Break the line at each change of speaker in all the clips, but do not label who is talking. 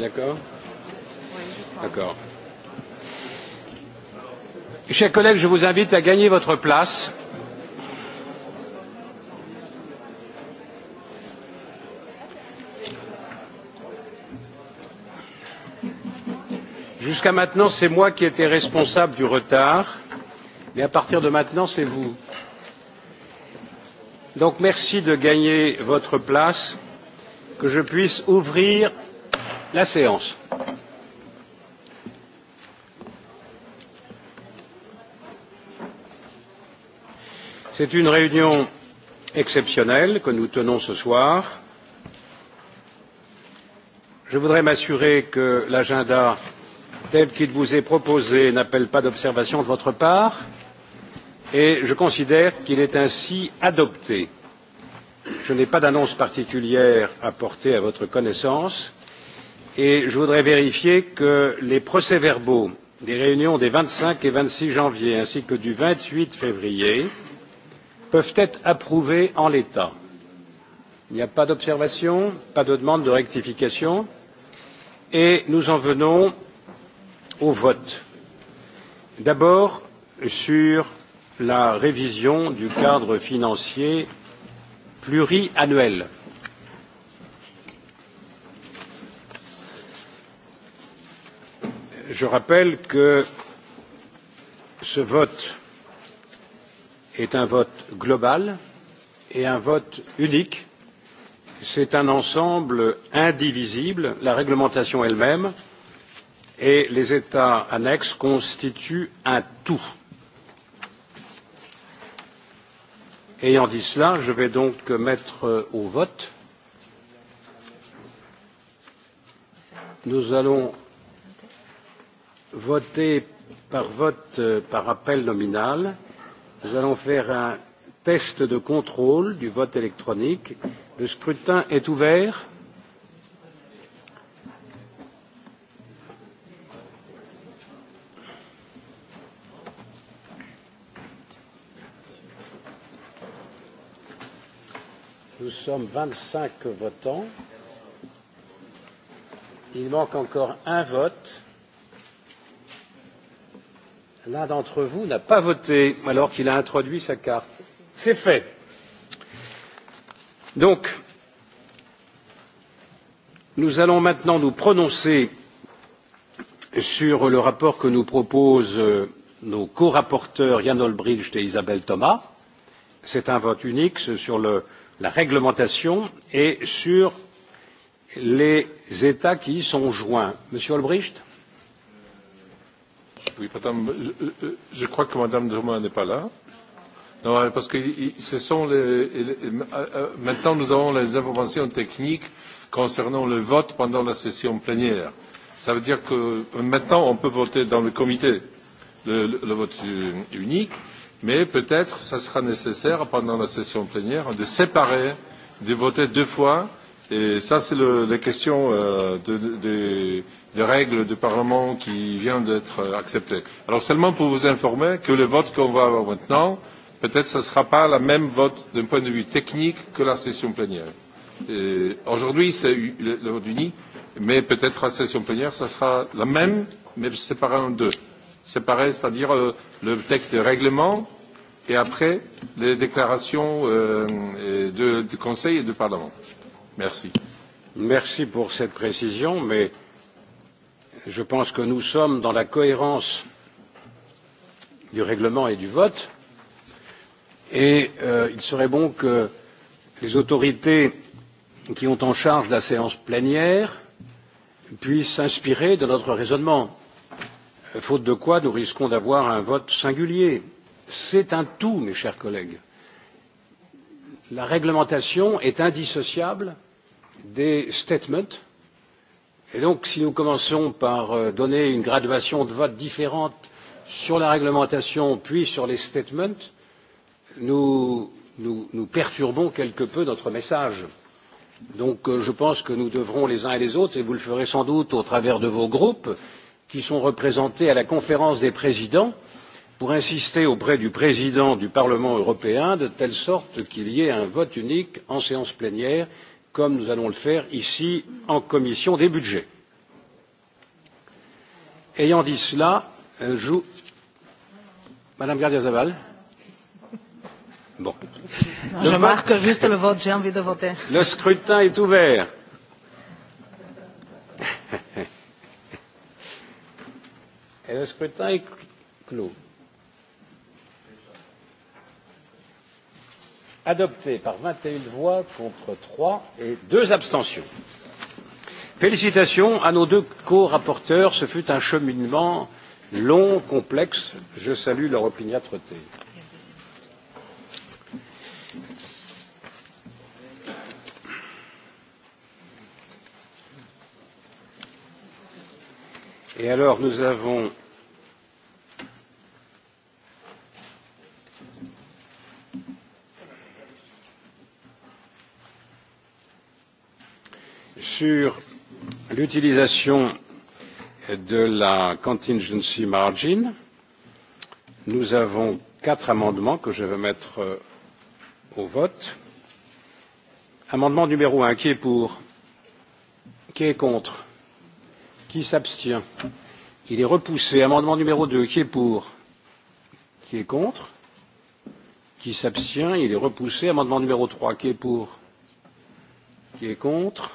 D'accord D'accord. Chers collègues, je vous invite à gagner votre place. Jusqu'à maintenant, c'est moi qui étais responsable du retard, mais à partir de maintenant, c'est vous. Donc merci de gagner votre place, que je puisse ouvrir La séance. C'est une réunion exceptionnelle que nous tenons ce soir. Je voudrais m'assurer que l'agenda tel qu'il vous est proposé n'appelle pas d'observation de votre part et je considère qu'il est ainsi adopté. Je n'ai pas d'annonce particulière à porter à votre connaissance et je voudrais vérifier que les procès verbaux des réunions des vingt cinq et vingt six janvier ainsi que du vingt huit février peuvent être approuvés en l'état. il n'y a pas d'observation pas de demande de rectification et nous en venons au vote. d'abord sur la révision du cadre financier pluriannuel. je rappelle que ce vote est un vote global et un vote unique. C'est un ensemble indivisible. La réglementation elle-même et les États annexes constituent un tout. Ayant dit cela, je vais donc mettre au vote. Nous allons voter par vote euh, par appel nominal. Nous allons faire un test de contrôle du vote électronique. Le scrutin est ouvert. Nous sommes 25 votants. Il manque encore un vote. L'un d'entre vous n'a pas voté alors qu'il a introduit sa carte. C'est fait. Donc, nous allons maintenant nous prononcer sur le rapport que nous proposent euh, nos co-rapporteurs Jan Olbricht et Isabelle Thomas. C'est un vote unique sur le, la réglementation et sur les États qui y sont
joints. Monsieur Olbricht oui. Madame, je, je crois que Madame Drummond n'est pas là. Non, euh, parce que ce sont les, les, euh, euh, maintenant nous avons les informations techniques concernant le vote pendant la session plénière. Ça veut dire que maintenant on peut voter dans le comité le, le, le vote unique, mais peut-être ça sera nécessaire pendant la session plénière de séparer, de voter deux fois Et ça, c'est le, la question euh, des de, de règles du Parlement qui vient d'être acceptée. Alors seulement pour vous informer que le vote qu'on va avoir maintenant, peut-être ce ne sera pas le même vote d'un point de vue technique que la session plénière. Aujourd'hui, c'est le, le vote uni, mais peut-être la session plénière, ce sera la même, mais séparée en deux. Séparée, c'est-à-dire euh, le texte de règlement et après les déclarations euh, du Conseil et du Parlement. Merci. Merci pour cette précision, mais
je pense que nous sommes dans la cohérence du règlement et du vote et euh, il serait bon que les autorités qui ont en charge la séance plénière puissent s'inspirer de notre raisonnement faute de quoi nous risquons d'avoir un vote singulier. c'est un tout mes chers collègues la réglementation est indissociable des statements et donc si nous commençons par euh, donner une graduation de vote différente sur la réglementation puis sur les statements nous, nous, nous perturbons quelque peu notre message. Donc euh, je pense que nous devrons les uns et les autres, et vous le ferez sans doute au travers de vos groupes qui sont représentés à la conférence des présidents, pour insister auprès du président du Parlement européen de telle sorte qu'il y ait un vote unique en séance plénière, comme nous allons le faire ici en commission des budgets. Ayant dit cela, euh, je... Madame Gardia Zaval. Bon. Non, je vote... marque juste le vote, j'ai envie de voter. Le scrutin est ouvert. Et le scrutin est clos. adopté par vingt et une voix contre trois et deux abstentions. félicitations à nos deux corapporteurs ce fut un cheminement long complexe je salue leur opiniâtreté. et alors nous avons sur l'utilisation de la contingency margin, nous avons quatre amendements que je vais mettre euh, au vote. Amendement numéro un, qui est pour Qui est contre Qui s'abstient Il est repoussé. Amendement numéro deux, qui est pour Qui est contre Qui s'abstient Il est repoussé. Amendement numéro trois, qui est pour Qui est contre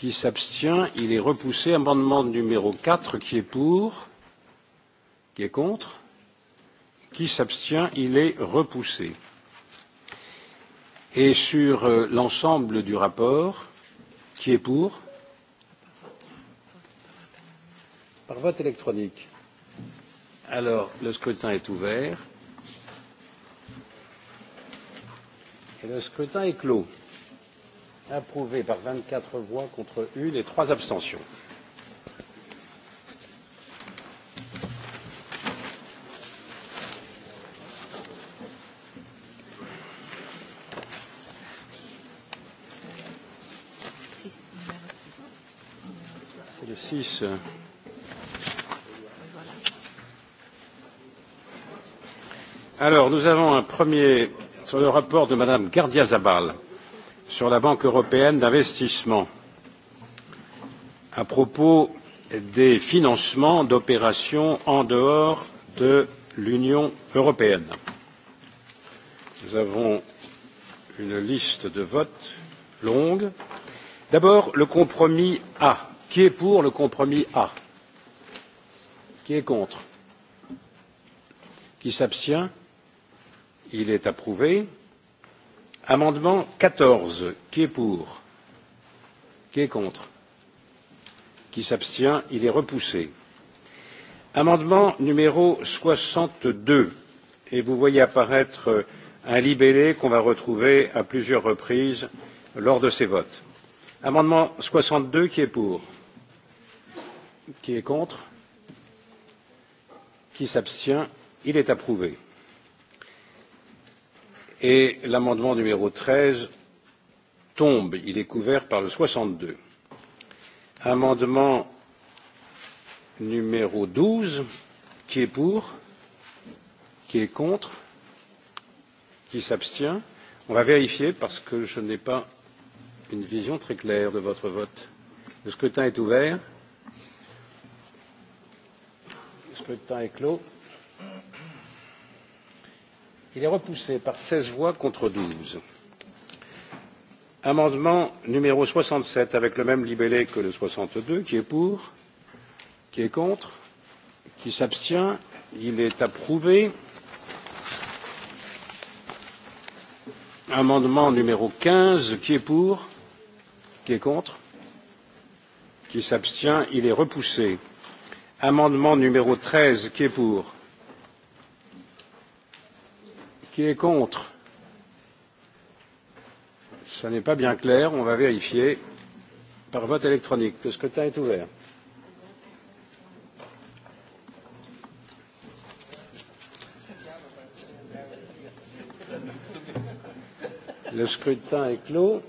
qui s'abstient, il est repoussé. Amendement numéro 4, qui est pour, qui est contre, qui s'abstient, il est repoussé. Et sur euh, l'ensemble du rapport, qui est pour Par vote électronique. Alors, le scrutin est ouvert. Et le scrutin est clos approuvé par vingt quatre voix contre une et trois abstentions. C'est le six. Alors, nous avons un premier sur le rapport de Madame Gardia Zabal sur la Banque européenne d'investissement à propos des financements d'opérations en dehors de l'Union européenne. Nous avons une liste de votes longue. D'abord, le compromis A. Qui est pour le compromis A Qui est contre Qui s'abstient Il est approuvé. Amendement 14, qui est pour Qui est contre Qui s'abstient Il est repoussé. Amendement numéro 62, et vous voyez apparaître un libellé qu'on va retrouver à plusieurs reprises lors de ces votes. Amendement 62, qui est pour Qui est contre Qui s'abstient Il est approuvé et l'amendement numéro treize tombe il est couvert par le soixante deux amendement numéro douze qui est pour qui est contre qui s'abstient on va vérifier parce que je n'ai pas une vision très claire de votre vote le scrutin est ouvert le scrutin est clos Il est repoussé par 16 voix contre 12. Amendement numéro 67 avec le même libellé que le 62. Qui est pour Qui est contre Qui s'abstient Il est approuvé. Amendement numéro 15. Qui est pour Qui est contre Qui s'abstient Il est repoussé. Amendement numéro 13. Qui est pour Qui est contre Ce n'est pas bien clair. On va vérifier par vote électronique. Le scrutin est ouvert. Le scrutin est clos.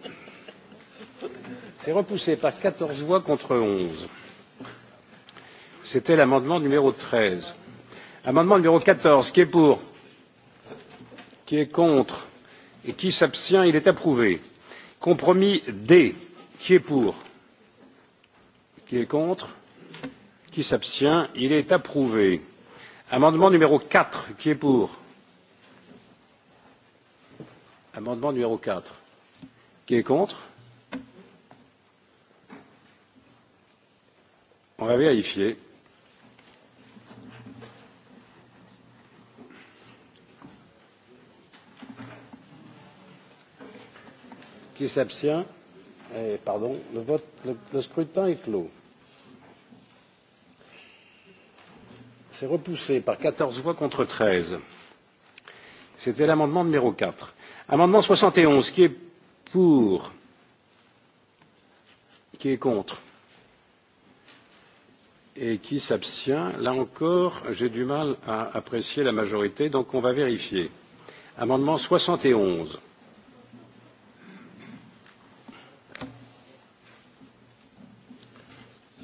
C'est repoussé par 14 voix contre 11. C'était l'amendement numéro 13. Amendement numéro 14. Qui est pour qui est contre et qui s'abstient il est approuvé compromis d qui est pour qui est contre qui s'abstient il est approuvé amendement numéro quatre qui est pour amendement numéro quatre qui est contre on va vérifier Qui s'abstient eh, Pardon, le vote, le, le scrutin est clos. C'est repoussé par 14 voix contre 13. C'était l'amendement numéro 4. Amendement 71, qui est pour Qui est contre Et qui s'abstient Là encore, j'ai du mal à apprécier la majorité, donc on va vérifier. Amendement 71.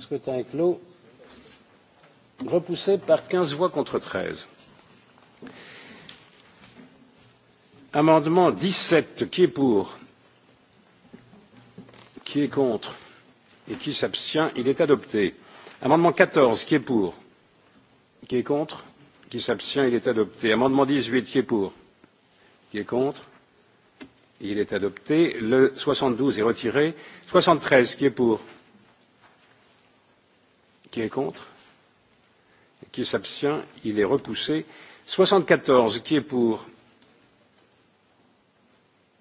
Scrutin est clos. Repoussé par 15 voix contre 13. Amendement 17, qui est pour Qui est contre Et qui s'abstient Il est adopté. Amendement 14, qui est pour Qui est contre Qui s'abstient Il est adopté. Amendement 18, qui est pour Qui est contre Il est adopté. Le 72 est retiré. 73, qui est pour Qui est contre Qui s'abstient Il est repoussé. 74, qui est pour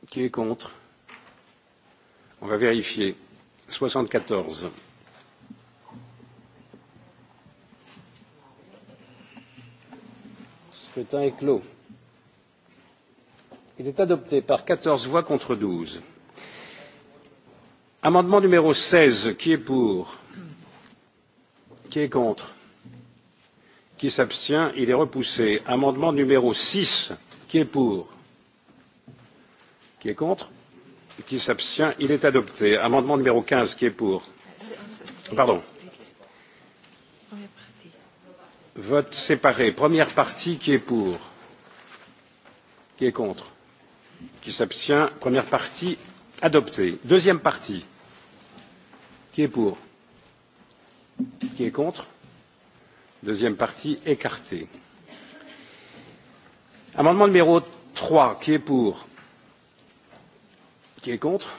Qui est contre On va vérifier. 74. Scrutin est clos. Il est adopté par 14 voix contre 12. Amendement numéro 16, qui est pour Qui est contre Qui s'abstient Il est repoussé. Amendement numéro 6. Qui est pour Qui est contre Qui s'abstient Il est adopté. Amendement numéro 15. Qui est pour Pardon. Vote séparé. Première partie. Qui est pour Qui est contre Qui s'abstient Première partie adoptée. Deuxième partie. Qui est pour Qui est contre Deuxième partie, écarté. Amendement numéro 3, qui est pour Qui est contre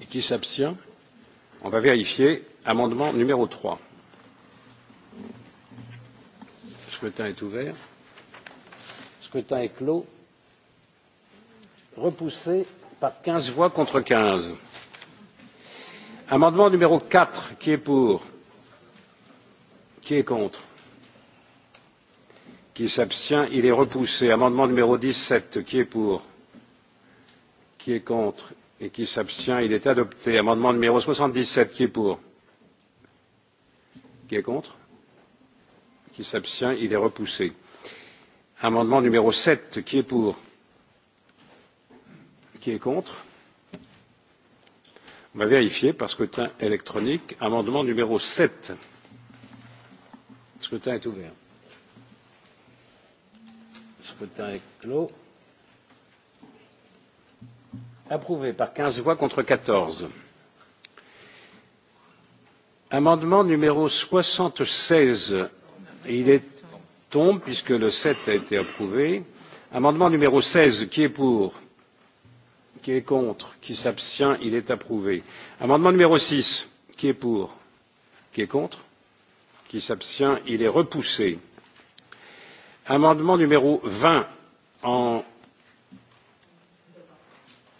Et qui s'abstient On va vérifier. Amendement numéro 3. Le scrutin est ouvert. Le scrutin est clos. Repoussé par 15 voix contre 15. Amendement numéro 4, qui est pour Qui est contre Qui s'abstient Il est repoussé. Amendement numéro 17, qui est pour Qui est contre Et qui s'abstient Il est adopté. Amendement numéro 77, qui est pour Qui est contre Qui s'abstient Il est repoussé. Amendement numéro 7, qui est pour Qui est contre On va vérifier par scrutin électronique. Amendement numéro 7. scrutin est ouvert. scrutin est clos. Approuvé par 15 voix contre 14. Amendement numéro 76. Il est tombe puisque le 7 a été approuvé. Amendement numéro 16. Qui est pour Qui est contre Qui s'abstient Il est approuvé. Amendement numéro six Qui est pour Qui est contre Qui s'abstient Il est repoussé. Amendement numéro vingt en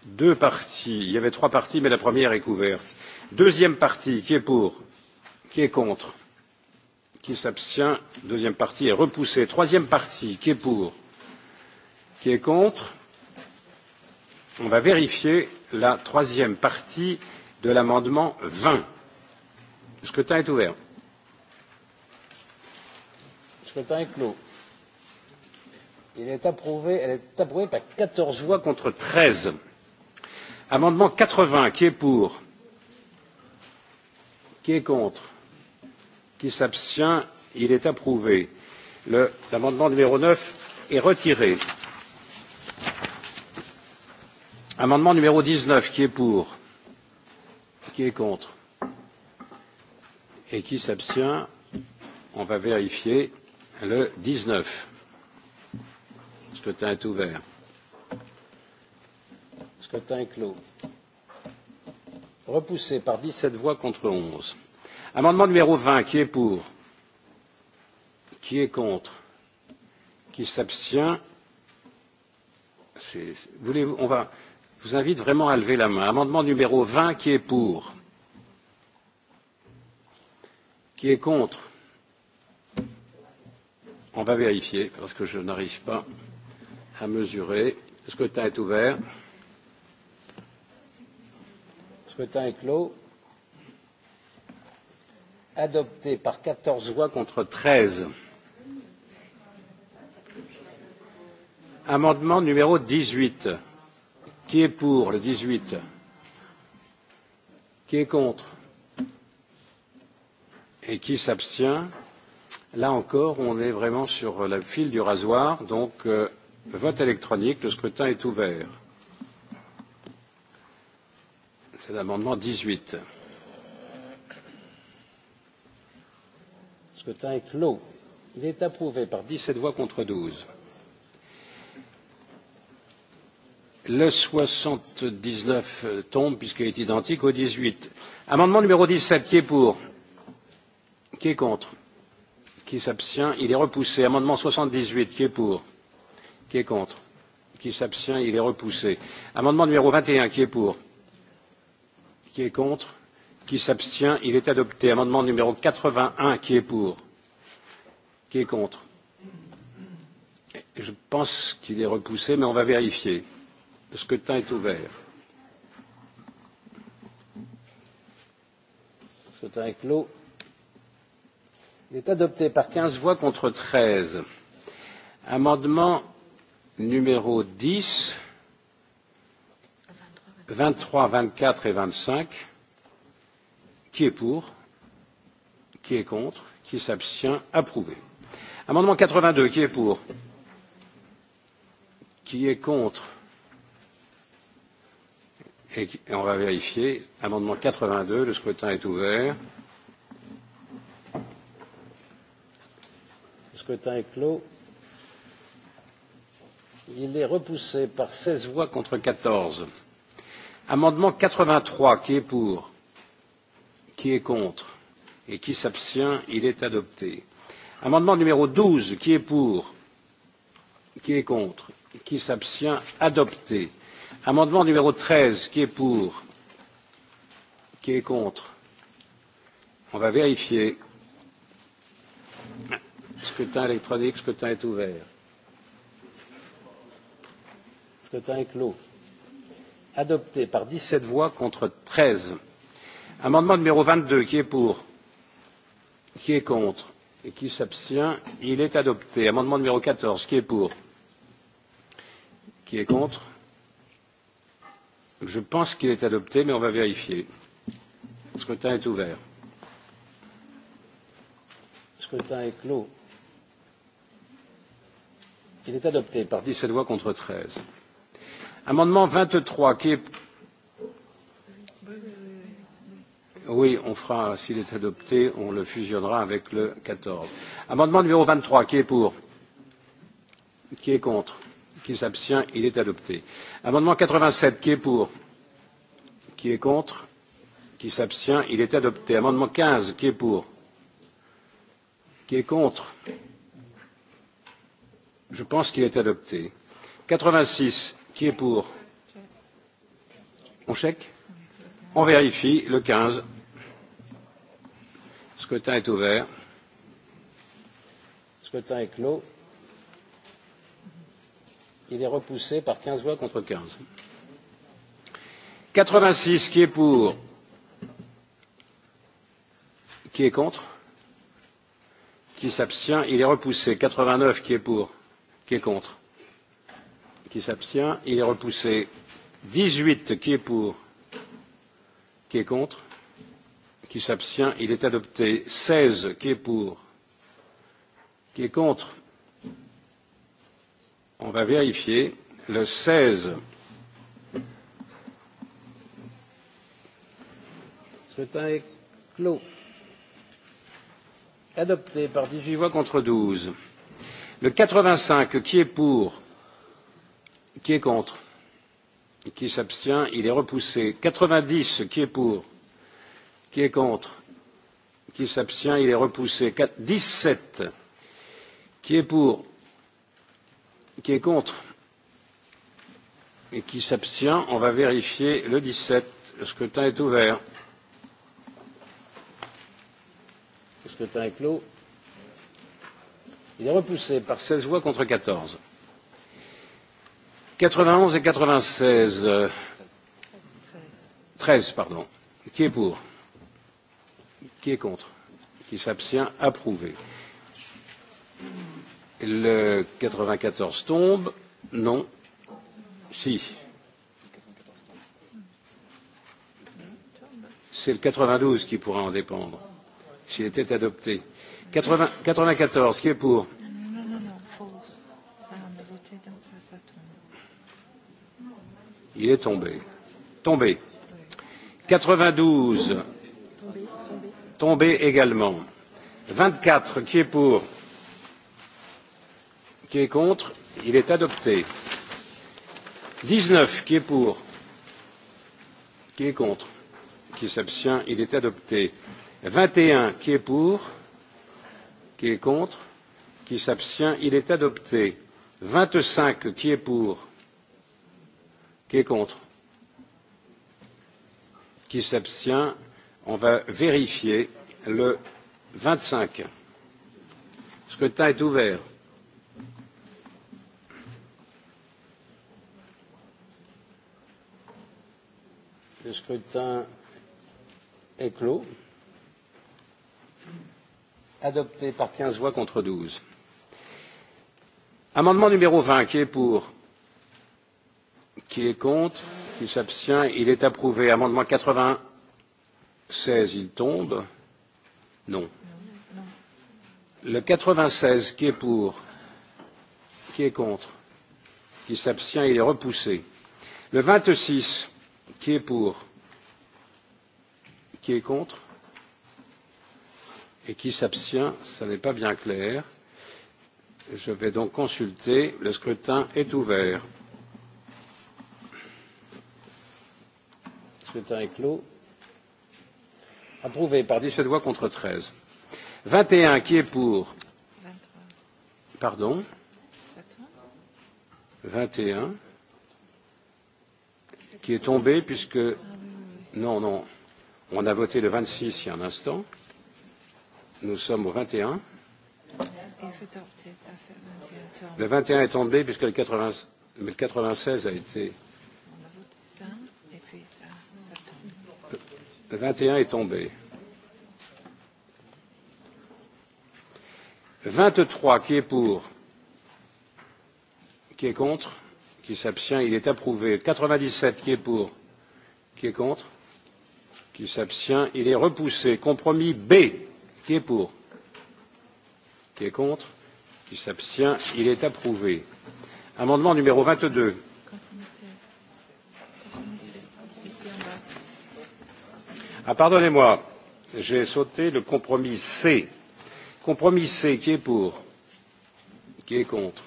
deux parties. Il y avait trois parties, mais la première est couverte. Deuxième partie. Qui est pour Qui est contre Qui s'abstient Deuxième partie est repoussée. Troisième partie. Qui est pour Qui est contre On va vérifier la troisième partie de l'amendement 20. Le scrutin est ouvert. Le scrutin est clos. Il est approuvé, elle est approuvée par 14 voix contre 13. Amendement 80, qui est pour Qui est contre Qui s'abstient Il est approuvé. L'amendement numéro 9 est retiré. Amendement numéro 19, qui est pour Qui est contre Et qui s'abstient On va vérifier le 19. Le scrutin est ouvert. Le scrutin est clos. Repoussé par 17 voix contre 11. Amendement numéro 20, qui est pour Qui est contre Qui s'abstient Voulez-vous On va. Je vous invite vraiment à lever la main. Amendement numéro 20, qui est pour Qui est contre On va vérifier parce que je n'arrive pas à mesurer. Le scrutin est ouvert. Le scrutin est clos. Adopté par 14 voix contre 13. Amendement numéro 18. Qui est pour le 18 Qui est contre Et qui s'abstient Là encore, on est vraiment sur la file du rasoir, donc euh, vote électronique, le scrutin est ouvert. C'est l'amendement 18. Le scrutin est clos. Il est approuvé par 17 voix contre 12. Le 79 euh, tombe puisqu'il est identique au 18. Amendement numéro 17, qui est pour Qui est contre Qui s'abstient Il est repoussé. Amendement 78, qui est pour Qui est contre Qui s'abstient Il est repoussé. Amendement numéro 21, qui est pour Qui est contre Qui s'abstient Il est adopté. Amendement numéro 81, qui est pour Qui est contre Je pense qu'il est repoussé, mais on va vérifier. Le scrutin est ouvert. Le scrutin est clos. Il est adopté par 15 voix contre 13. Amendement numéro 10, 23, 24 et 25. Qui est pour Qui est contre Qui s'abstient Approuvé. Amendement 82, qui est pour Qui est contre et on va vérifier. Amendement 82, le scrutin est ouvert. Le scrutin est clos. Il est repoussé par 16 voix contre 14. Amendement 83, qui est pour Qui est contre Et qui s'abstient Il est adopté. Amendement numéro 12, qui est pour Qui est contre Qui s'abstient Adopté. Amendement numéro 13, qui est pour Qui est contre On va vérifier. Scrutin électronique, scrutin est ouvert. Scrutin est clos. Adopté par 17 voix contre 13. Amendement numéro 22, qui est pour Qui est contre Et qui s'abstient Il est adopté. Amendement numéro 14, qui est pour Qui est contre Je pense qu'il est adopté, mais on va vérifier. Le scrutin est ouvert. Le scrutin est clos. Il est adopté par 17 voix contre 13. Amendement 23, qui est. Oui, on fera, s'il est adopté, on le fusionnera avec le 14. Amendement numéro 23, qui est pour Qui est contre qui s'abstient il est adopté amendement quatre vingt sept qui est pour qui est contre qui s'abstient il est adopté amendement quinze qui est pour qui est contre je pense qu'il est adopté quatre vingt six qui est pour on chèque on vérifie le quinze le scrutin est ouvert le scrutin est clos Il est repoussé par 15 voix contre 15. 86, qui est pour Qui est contre Qui s'abstient Il est repoussé. 89, qui est pour Qui est contre Qui s'abstient Il est repoussé. 18, qui est pour Qui est contre Qui s'abstient Il est adopté. 16, qui est pour Qui est contre On va vérifier le 16. Scrutin est clos. Adopté par 18 voix contre 12. Le 85, qui est pour Qui est contre Qui s'abstient Il est repoussé. 90, qui est pour Qui est contre Qui s'abstient Il est repoussé. 17, qui est pour Qui est contre Et qui s'abstient On va vérifier le 17. Le scrutin est ouvert. Le scrutin est clos. Il est repoussé par 16 voix contre 14. 91 et 96. 13, pardon. Qui est pour Qui est contre Qui s'abstient Approuvé. Le 94 tombe Non. Si. C'est le 92 qui pourra en dépendre, s'il était adopté. 80, 94, qui est pour
Non, non, non, non, Ça, on a voté, donc ça, ça tombe.
Il est tombé. Tombé. 92. tombé également. 24, qui est pour Qui est contre Il est adopté. neuf Qui est pour Qui est contre Qui s'abstient Il est adopté. un Qui est pour Qui est contre Qui s'abstient Il est adopté. 25. Qui est pour Qui est contre Qui s'abstient On va vérifier le 25. Le scrutin est ouvert. Le scrutin est clos. Adopté par 15 voix contre 12. Amendement numéro 20, qui est pour Qui est contre Qui s'abstient Il est approuvé. Amendement 96, il tombe Non. Le 96, qui est pour Qui est contre Qui s'abstient Il est repoussé. Le 26, Qui est pour Qui est contre Et qui s'abstient Ça n'est pas bien clair. Je vais donc consulter. Le scrutin est ouvert. Le scrutin est clos. Approuvé par 17 voix contre 13. 21. Qui est pour Pardon 21 qui est tombé puisque non, non, on a voté le 26 il y a un instant. Nous sommes au 21. Le 21 est tombé puisque le, 80, le 96 a été. Le 21 est tombé. 23, qui est pour Qui est contre qui s'abstient il est approuvé quatre vingt dix sept qui est pour qui est contre qui s'abstient il est repoussé compromis b qui est pour qui est contre qui s'abstient il est approuvé amendement numéro vingt deux ah pardonnez moi j'ai sauté le compromis c compromis c qui est pour qui est contre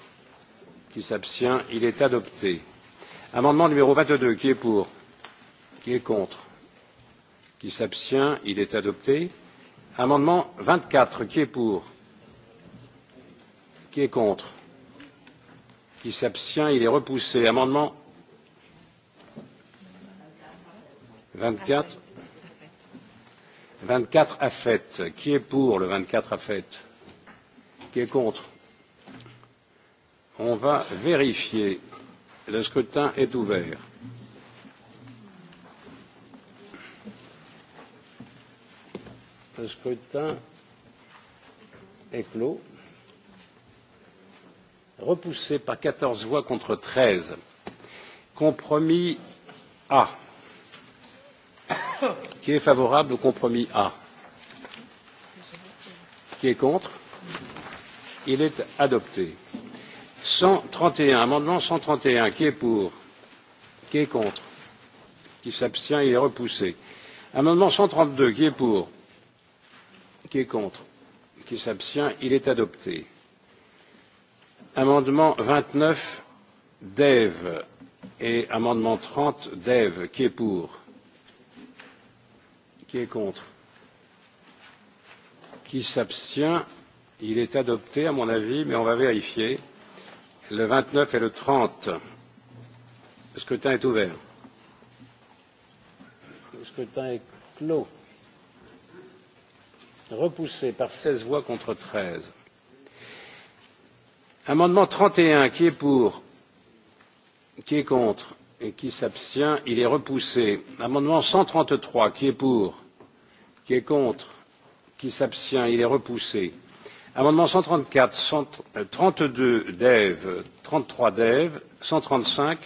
qui s'abstient il est adopté amendement numéro vingt deux qui est pour qui est contre qui s'abstient il est adopté amendement vingt quatre qui est pour qui est contre qui s'abstient il est repoussé amendement vingt quatre vingt quatre à fait qui est pour le vingt quatre à fait qui est contre On va vérifier. Le scrutin est ouvert. Le scrutin est clos. Repoussé par 14 voix contre 13. Compromis A. Qui est favorable au compromis A Qui est contre Il est adopté. 131, amendement 131, qui est pour Qui est contre Qui s'abstient Il est repoussé. Amendement 132, qui est pour Qui est contre Qui s'abstient Il est adopté. Amendement 29, Dave. Et amendement 30, Dave. Qui est pour Qui est contre Qui s'abstient Il est adopté, à mon avis, mais on va vérifier le 29 et le 30. Le scrutin est ouvert. Le scrutin est clos. Repoussé par 16 voix contre 13. Amendement 31, qui est pour Qui est contre Et qui s'abstient Il est repoussé. Amendement 133, qui est pour Qui est contre Qui s'abstient Il est repoussé. Amendements 134, 100, 32 d'Ève, 33 d'Ève, 135,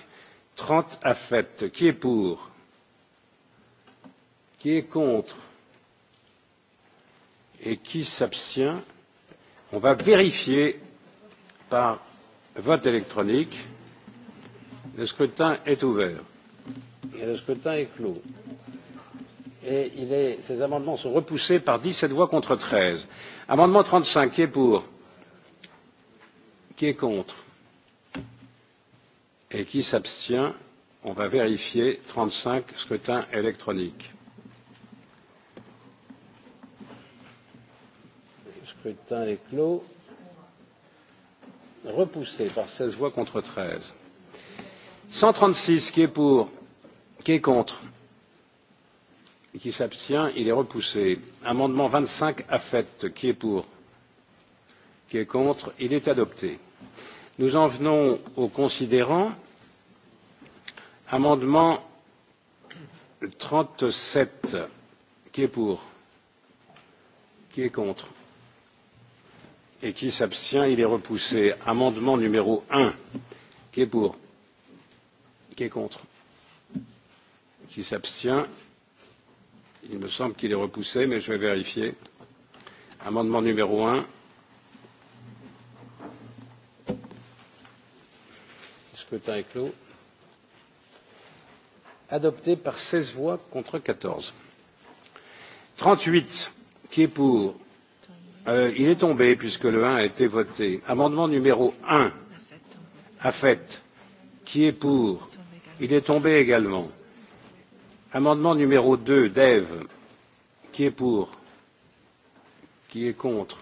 30 à fait. Qui est pour Qui est contre Et qui s'abstient On va vérifier par vote électronique. Le scrutin est ouvert. Et le scrutin est clos. Et il est, ces amendements sont repoussés par 17 voix contre 13. Amendement 35, qui est pour Qui est contre Et qui s'abstient On va vérifier 35 scrutins électroniques. Le scrutin est clos. Repoussé par 16 voix contre 13. 136, qui est pour Qui est contre et qui s'abstient il est repoussé amendement vingt cinq affect qui est pour qui est contre il est adopté nous en venons aux considérants amendement trente sept qui est pour qui est contre et qui s'abstient il est repoussé amendement numéro un qui est pour qui est contre qui s'abstient Il me semble qu'il est repoussé, mais je vais vérifier. Amendement numéro 1. Scrutin est clos. Adopté par 16 voix contre 14. 38. Qui est pour euh, Il est tombé puisque le 1 a été voté. Amendement numéro 1. Affect. Qui est pour Il est tombé également. Amendement numéro 2, Dev, Qui est pour Qui est contre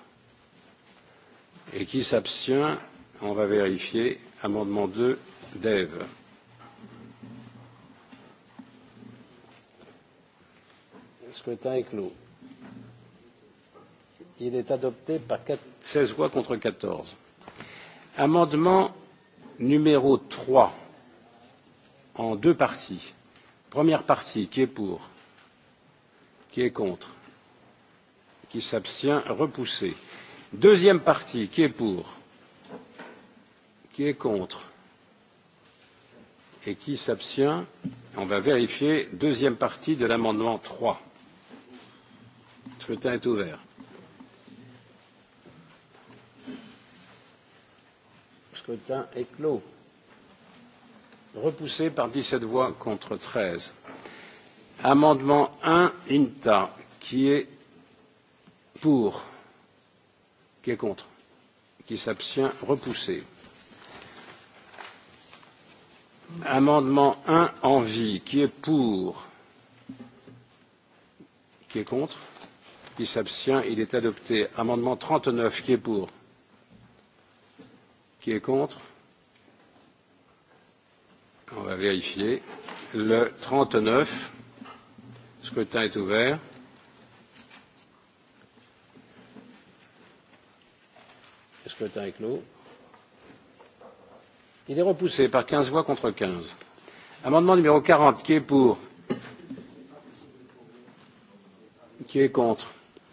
Et qui s'abstient On va vérifier. Amendement 2, Dev. Le scrutin est clos. Il est adopté par 4... 16 voix contre 14. Amendement numéro 3, en deux parties. Première partie, qui est pour Qui est contre Qui s'abstient Repoussé. Deuxième partie, qui est pour Qui est contre Et qui s'abstient On va vérifier. Deuxième partie de l'amendement 3. Le scrutin est ouvert. Le scrutin est clos repoussé par dix sept voix contre treize. Amendement un INTA qui est pour, qui est contre, qui s'abstient, repoussé. Amendement un envie qui est pour, qui est contre, qui s'abstient, il est adopté. Amendement trente neuf qui est pour, qui est contre, On va vérifier. Le 39. Le scrutin est ouvert. Le scrutin est clos. Il est repoussé par 15 voix contre 15. Amendement numéro 40, qui est pour Qui est contre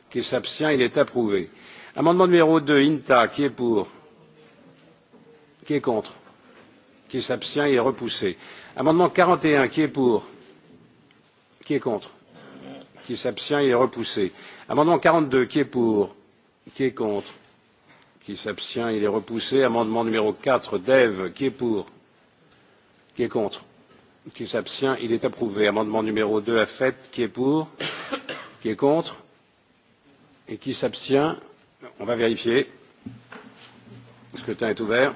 Qui s'abstient Il est approuvé. Amendement numéro 2, INTA, qui est pour Qui est contre qui s'abstient il est repoussé amendement quarante et un qui est pour qui est contre qui s'abstient il est repoussé amendement quarante deux qui est pour qui est contre qui s'abstient il est repoussé amendement numéro quatre d'eve qui est pour qui est contre qui s'abstient il est approuvé amendement numéro deux à fait qui est pour qui est contre et qui s'abstient on va vérifier le scrutin est ouvert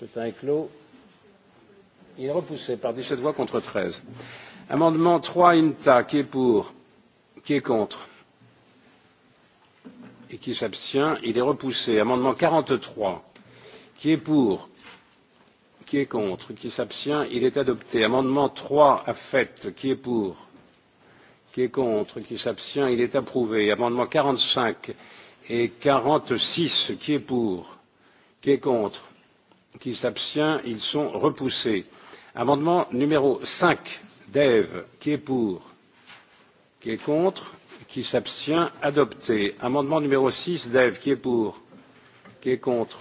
Scrutin est clos. Il est repoussé par 17 voix contre 13. Amendement 3 INTA, qui est pour Qui est contre Et qui s'abstient Il est repoussé. Amendement 43, qui est pour Qui est contre Qui s'abstient Il est adopté. Amendement 3 à fait, qui est pour Qui est contre Qui s'abstient Il est approuvé. Amendement 45 et 46, qui est pour Qui est contre qui s'abstient ils sont repoussés amendement numéro 5 d'Ève qui est pour qui est contre qui s'abstient adopté amendement numéro 6 d'Ève qui est pour qui est contre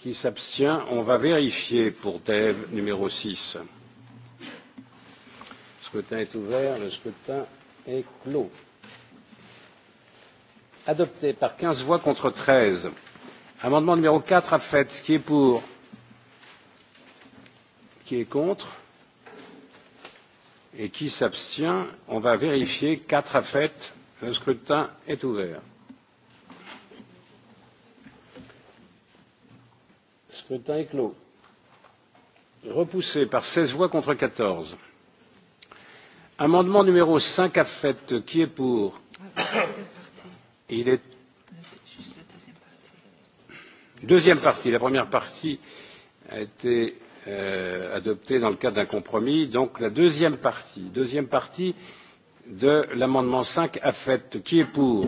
qui s'abstient on va vérifier pour d'Ève numéro 6. le scrutin est ouvert le scrutin est clos adopté par 15 voix contre 13. Amendement numéro 4 à fait. Qui est pour Qui est contre Et qui s'abstient On va vérifier. 4 à fait. Le scrutin est ouvert. Le scrutin est clos. Repoussé par 16 voix contre 14. Amendement numéro 5 à fait. Qui est pour Il est Deuxième partie. La première partie a été euh, adoptée dans le cadre d'un compromis. Donc la deuxième partie. Deuxième partie de l'amendement 5 à fait. Qui est pour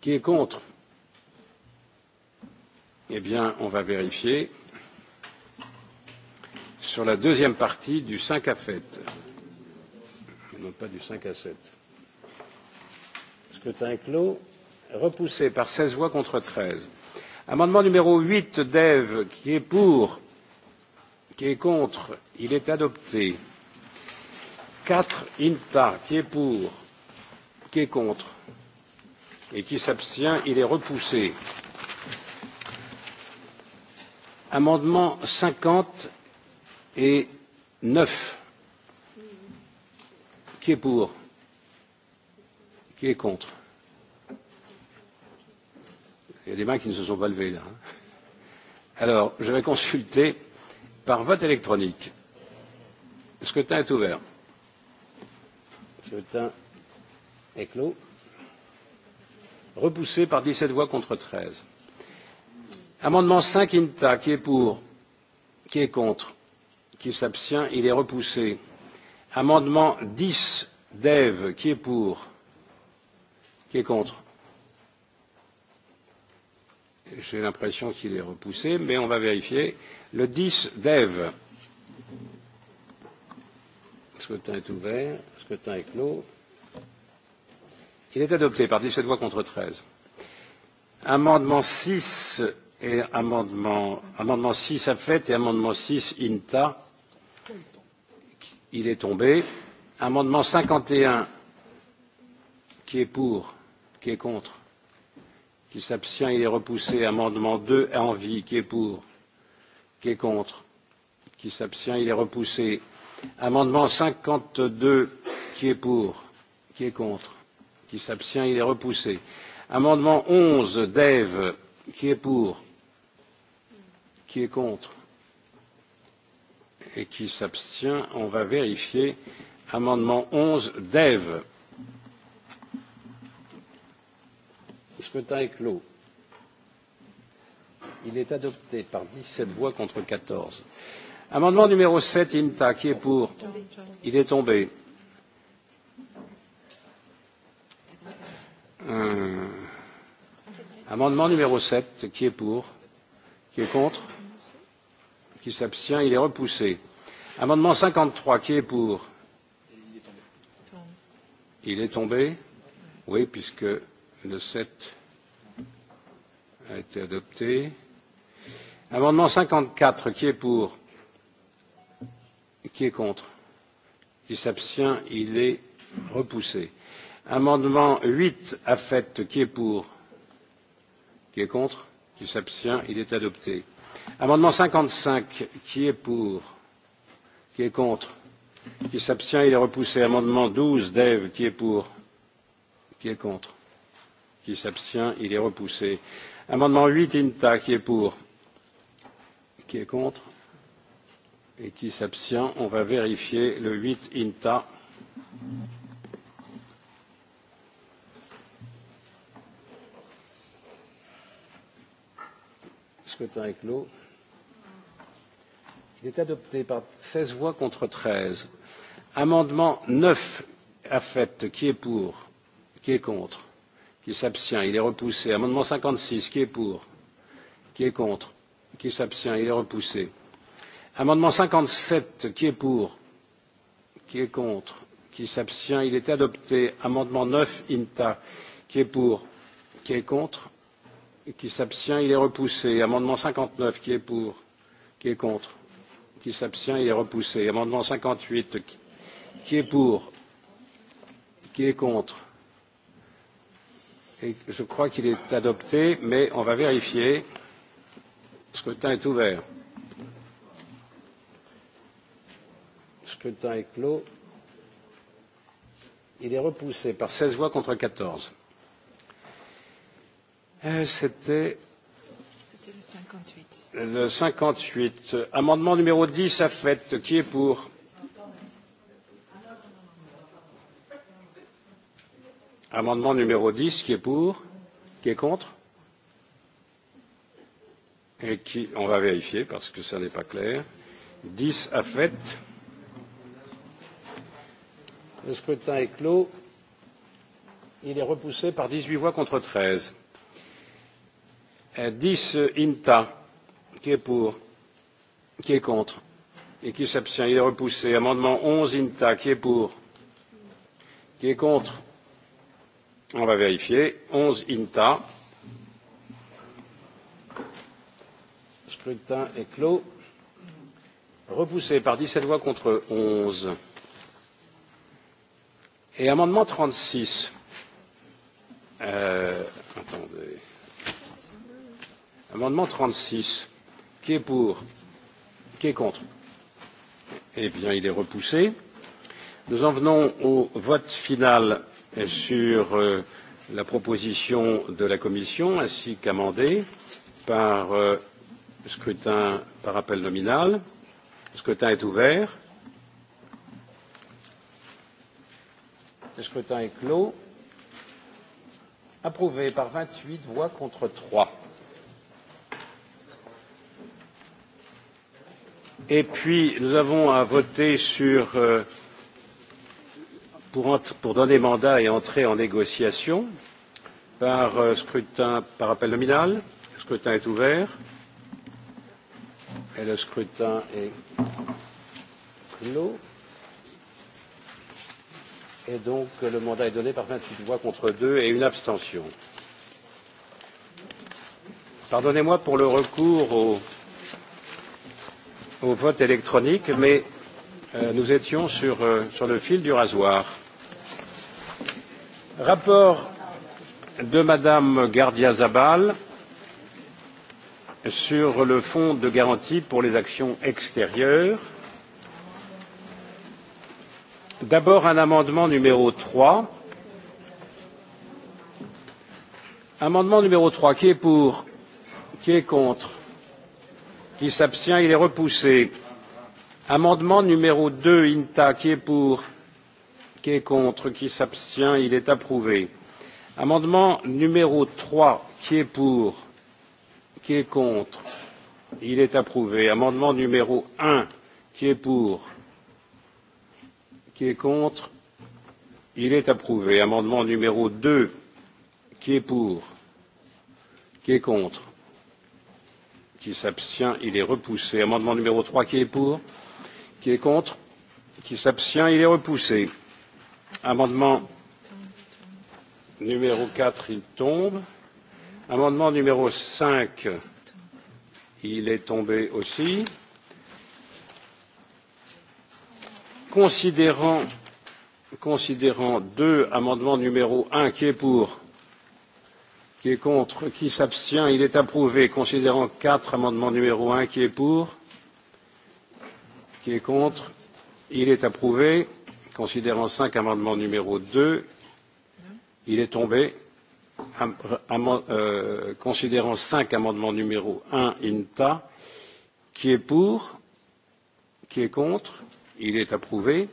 Qui est contre Eh bien, on va vérifier sur la deuxième partie du 5 à fait. Non pas du 5 à 7. Scrutin clos repoussé par seize voix contre treize. Amendement numéro huit d'Ève, qui est pour, qui est contre, il est adopté. Quatre INTA, qui est pour, qui est contre et qui s'abstient, il est repoussé. Amendement cinquante et neuf. Qui est pour Qui est contre Il y a des mains qui ne se sont pas levées là. Alors, je vais consulter par vote électronique. Le scrutin est ouvert. Le scrutin est clos. Repoussé par 17 voix contre 13. Amendement 5 INTA, qui est pour Qui est contre Qui s'abstient Il est repoussé. Amendement 10 DEV, qui est pour Qui est contre J'ai l'impression qu'il est repoussé, mais on va vérifier. Le 10 Dev. Le scrutin est ouvert. Le scrutin est clos. Il est adopté par 17 voix contre 13. Amendement 6 et amendement, amendement 6 à fait et amendement 6 INTA. Il est tombé. Amendement 51. Qui est pour Qui est contre qui s'abstient, il est repoussé. Amendement 2, Envie, qui est pour, qui est contre, qui s'abstient, il est repoussé. Amendement 52, qui est pour, qui est contre, qui s'abstient, il est repoussé. Amendement 11, Dave, qui est pour, qui est contre et qui s'abstient, on va vérifier. Amendement 11, Dave. scrutin est clos. Il est adopté par 17 voix contre 14. Amendement numéro 7, INTA, qui est pour Il est tombé. Hum. Euh, amendement numéro 7, qui est pour Qui est contre Qui s'abstient Il est repoussé. Amendement 53, qui est pour Il est tombé Oui, puisque le 7 a été adopté. Amendement 54, qui est pour Qui est contre Qui s'abstient Il est repoussé. Amendement 8, affecte, qui est pour Qui est contre Qui s'abstient Il est adopté. Amendement 55, qui est pour Qui est contre Qui s'abstient Il est repoussé. Amendement 12, Dave, qui est pour Qui est contre Qui s'abstient Il est repoussé. Amendement 8, INTA, qui est pour Qui est contre Et qui s'abstient On va vérifier le 8, INTA. Scrutin est clos. Il est adopté par 16 voix contre 13. Amendement 9, AFET, qui est pour Qui est contre qui s'abstient, il est repoussé. Amendement 56, qui est pour Qui est contre Qui s'abstient, il est repoussé. Amendement 57, qui est pour Qui est contre Qui s'abstient, il est adopté. Amendement 9, INTA, qui est pour Qui est contre Qui s'abstient, il est repoussé. Amendement 59, qui est pour Qui est contre Qui s'abstient, il est repoussé. Amendement 58, qui est pour Qui est contre Et je crois qu'il est adopté, mais on va vérifier. Le scrutin est ouvert. Le scrutin est clos. Il est repoussé par 16 voix contre 14. Euh, c'était le 58. Le 58. Amendement numéro 10 à fait. Qui est pour Amendement numéro 10, qui est pour Qui est contre Et qui On va vérifier parce que ça n'est pas clair. 10 à fait. Le scrutin est clos. Il est repoussé par 18 voix contre 13. 10 euh, INTA, qui est pour Qui est contre Et qui s'abstient Il est repoussé. Amendement 11 INTA, qui est pour Qui est contre On va vérifier. 11 INTA. Scrutin est clos. Repoussé par 17 voix contre 11. Et amendement 36. Euh, attendez. Amendement 36. Qui est pour Qui est contre Eh bien, il est repoussé. Nous en venons au vote final sur euh, la proposition de la Commission ainsi qu'amendée par euh, scrutin par appel nominal. Le scrutin est ouvert. Le scrutin est clos. Approuvé par 28 voix contre 3. Et puis, nous avons à voter sur euh, pour, donner mandat et entrer en négociation par euh, scrutin par appel nominal. Le scrutin est ouvert et le scrutin est clos. Et donc le mandat est donné par 28 voix contre 2 et une abstention. Pardonnez-moi pour le recours au, au vote électronique, mais Euh, nous étions sur, euh, sur le fil du rasoir. Rapport de Madame Gardia Zabal sur le fonds de garantie pour les actions extérieures. D'abord un amendement numéro 3. Amendement numéro 3, qui est pour Qui est contre Qui s'abstient Il est repoussé. Amendement numéro 2, INTA, qui est pour Qui est contre Qui s'abstient Il est approuvé. Amendement numéro 3, qui est pour Qui est contre Il est approuvé. Amendement numéro 1, qui est pour Qui est contre Il est approuvé. Amendement numéro 2, qui est pour Qui est contre Qui s'abstient Il est repoussé. Amendement numéro 3, qui est pour Qui est contre Qui s'abstient Il est repoussé. Amendement numéro quatre il tombe. Amendement numéro cinq il est tombé aussi. Considérant, considérant deux amendements numéro un qui est pour Qui est contre Qui s'abstient Il est approuvé. Considérant quatre amendements numéro un qui est pour Qui est contre Il est approuvé. Considérant 5, amendement numéro 2. Il est tombé. Am, am, euh, considérant 5, amendement numéro 1, INTA. Qui est pour Qui est contre Il est approuvé.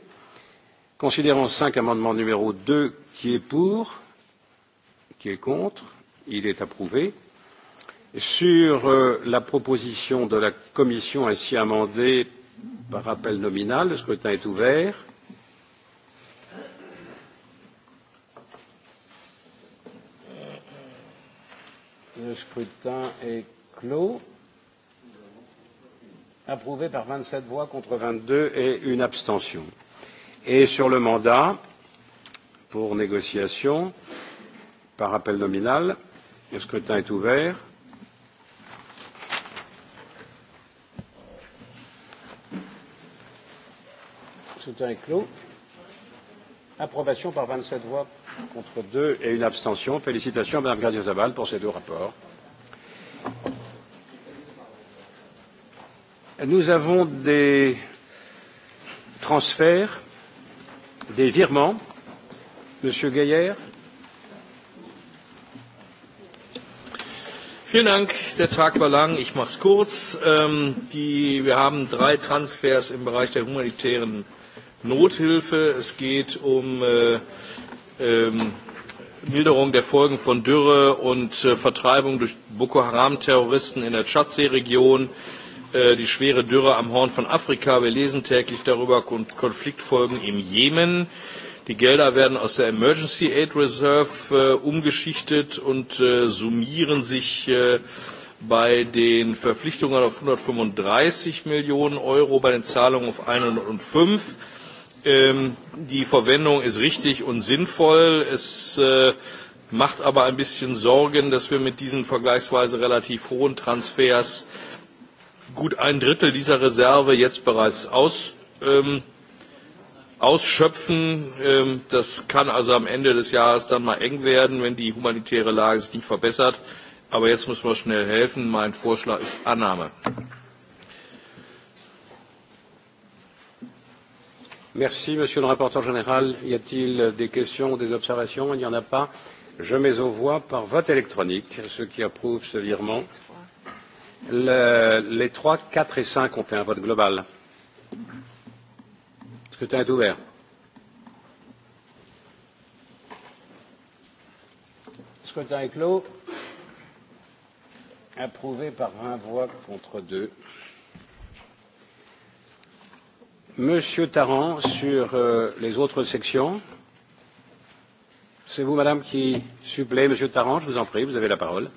Considérant 5, amendement numéro 2, qui est pour Qui est contre Il est approuvé. Sur euh, la proposition de la Commission ainsi amendée par appel nominal. Le scrutin est ouvert. Le scrutin est clos. Approuvé par 27 voix contre 22 et une abstention. Et sur le mandat pour négociation, par appel nominal, le scrutin est ouvert. Scrutin est clos. Approbation par 27 voix contre 2 et une abstention. Félicitations à Mme Gardia-Zabal pour ces deux rapports. Nous avons des transferts, des virements.
Monsieur Gaillère. Vielen Dank. Der Tag war lang. Ich mache es kurz. Ähm, die, wir haben drei Transfers im Bereich der humanitären Nothilfe, es geht um äh, ähm, Milderung der Folgen von Dürre und äh, Vertreibung durch Boko Haram-Terroristen in der Tschadsee-Region, äh, die schwere Dürre am Horn von Afrika. Wir lesen täglich darüber Kon Konfliktfolgen im Jemen. Die Gelder werden aus der Emergency Aid Reserve äh, umgeschichtet und äh, summieren sich äh, bei den Verpflichtungen auf 135 Millionen Euro, bei den Zahlungen auf 105 Millionen Ähm, die Verwendung ist richtig und sinnvoll. Es äh, macht aber ein bisschen Sorgen, dass wir mit diesen vergleichsweise relativ hohen Transfers gut ein Drittel dieser Reserve jetzt bereits aus, ähm, ausschöpfen. Ähm, das kann also am Ende des Jahres dann mal eng werden, wenn die humanitäre Lage sich nicht verbessert. Aber jetzt müssen wir schnell helfen. Mein Vorschlag ist Annahme.
Merci, Monsieur le rapporteur général. Y a-t-il des questions, ou des observations Il n'y en a pas. Je mets aux voix par vote électronique ceux qui approuvent ce virement. Le, les 3, 4 et 5 ont fait un vote global. Le scrutin est ouvert. Le scrutin est clos. Approuvé par 20 voix contre 2. Monsieur Tarrant, sur euh, les autres sections. C'est vous, madame, qui supplée Monsieur Tarrant. Je vous en prie, vous avez la parole.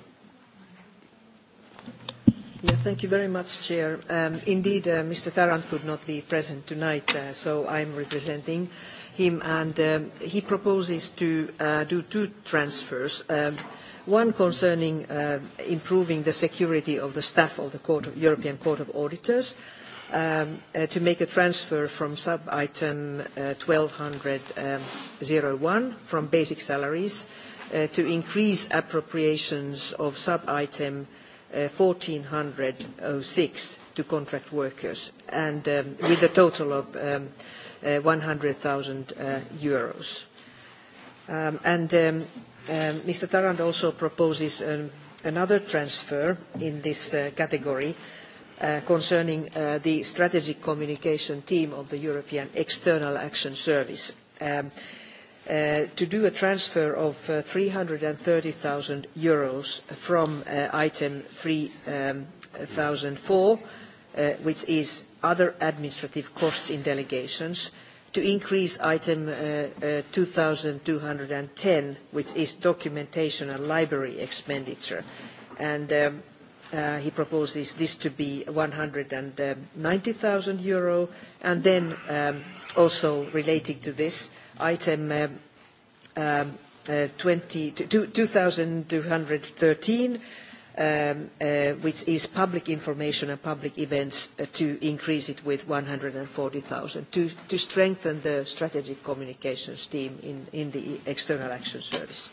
Yeah, thank you very much, Chair. Um, indeed, uh, Mr. Tarrant could not be present tonight, uh, so I'm representing him, and um, he proposes to uh, do two transfers. Um, one concerning uh, improving the security of the staff of the Court of, European Court of Auditors, Um, uh, to make a transfer from sub-item uh, 1200.01 um, from basic salaries uh, to increase appropriations of sub-item uh, 1406 to contract workers and um, with a total of um, uh, 100,000 uh, euros. and Mr. Tarand also proposes another transfer in this category Uh, concerning uh, the strategic communication team of the European External Action Service. Um, Uh, to do a transfer of uh, 330,000 euros from uh, item 3004, um, uh, which is other administrative costs in delegations, to increase item uh, uh, 2210, which is documentation and library expenditure. And um, Uh, he proposes this to be 190,000 euro. And then um, also relating to this item um, um, uh, 20, 2213, um, uh, which is public information and public events uh, to increase it with 140,000 to, to strengthen the strategic communications team in, in the External Action Service.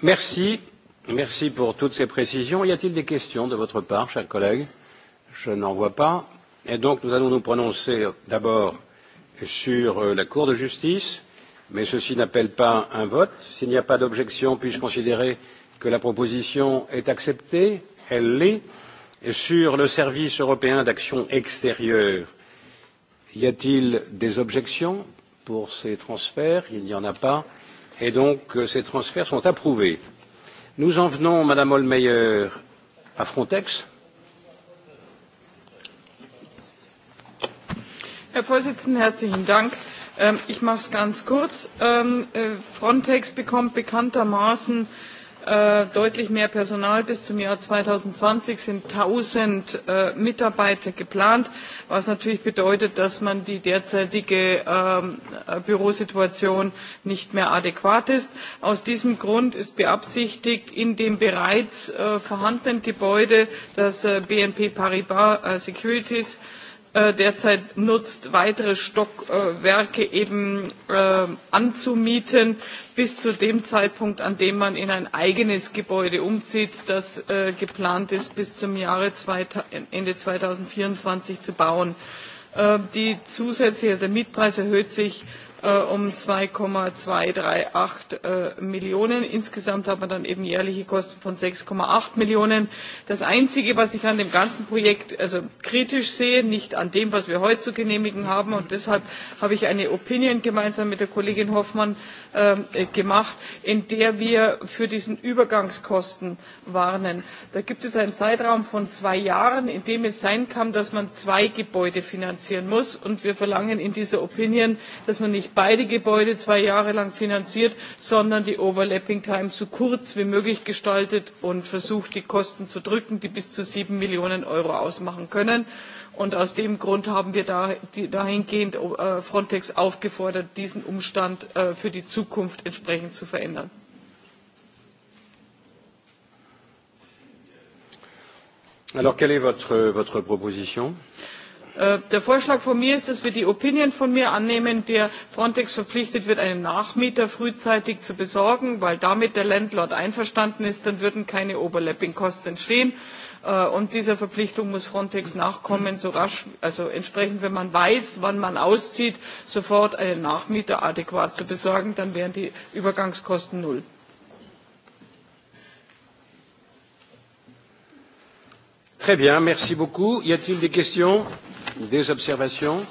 Merci. Merci pour toutes ces précisions. Y a-t-il des questions de votre part, chers collègues Je n'en vois pas. Et donc, nous allons nous prononcer d'abord sur euh, la Cour de justice, mais ceci n'appelle pas un vote. S'il n'y a pas d'objection, puis-je considérer que la proposition est acceptée Elle l'est. Et sur le service européen d'action extérieure, y a-t-il des objections pour ces transferts Il n'y en a pas. Et donc, euh, ces transferts sont approuvés. Nous en venons, Madame Holmeyer, à Frontex.
Herr Präsident, herzlichen Dank. Ähm, ich mache es ganz kurz. Ähm, äh, Frontex bekommt bekanntermaßen Äh, deutlich mehr personal bis zum jahr zweitausendzwanzig sind 1000 äh, mitarbeiter geplant was natürlich bedeutet dass man die derzeitige ähm, äh, bürosituation nicht mehr adäquat ist. aus diesem grund ist beabsichtigt in dem bereits vorhandenen gebäude das bnp paribas securities Äh, derzeit nutzt, weitere Stockwerke eben äh, anzumieten, bis zu dem Zeitpunkt, an dem man in ein eigenes Gebäude umzieht, das äh, geplant ist, bis zum Jahre Ende 2024 zu bauen. Die zusätzliche, also der Mietpreis erhöht sich Äh, um 2,238 äh, Millionen. Insgesamt hat man dann eben jährliche Kosten von 6,8 Millionen. Das Einzige, was ich an dem ganzen Projekt also kritisch sehe, nicht an dem, was wir heute zu genehmigen haben, und deshalb habe ich eine Opinion gemeinsam mit der Kollegin Hoffmann äh, gemacht, in der wir für diesen Übergangskosten warnen. Da gibt es einen Zeitraum von zwei Jahren, in dem es sein kann, dass man zwei Gebäude finanzieren muss. Und wir verlangen in dieser Opinion, dass man nicht beide gebäude zwei jahre lang finanziert sondern die overlapping time so kurz wie möglich gestaltet und versucht die kosten zu drücken die bis zu sieben millionen euro ausmachen können. aus dem grund haben wir dahingehend äh, frontex aufgefordert diesen umstand äh, für die zukunft entsprechend zu verändern.
alors quelle est votre
proposition? Äh, der vorschlag von mir ist dass wir die opinion von mir annehmen der frontex verpflichtet wird einen nachmieter frühzeitig zu besorgen weil damit der landlord einverstanden ist dann würden keine overlapping costs entstehen äh, und dieser verpflichtung muss frontex nachkommen so rasch also entsprechend wenn man weiß wann man auszieht sofort einen nachmieter adäquat zu besorgen dann wären die übergangskosten null.
Très bien, merci beaucoup. Y a-t-il des questions, des observations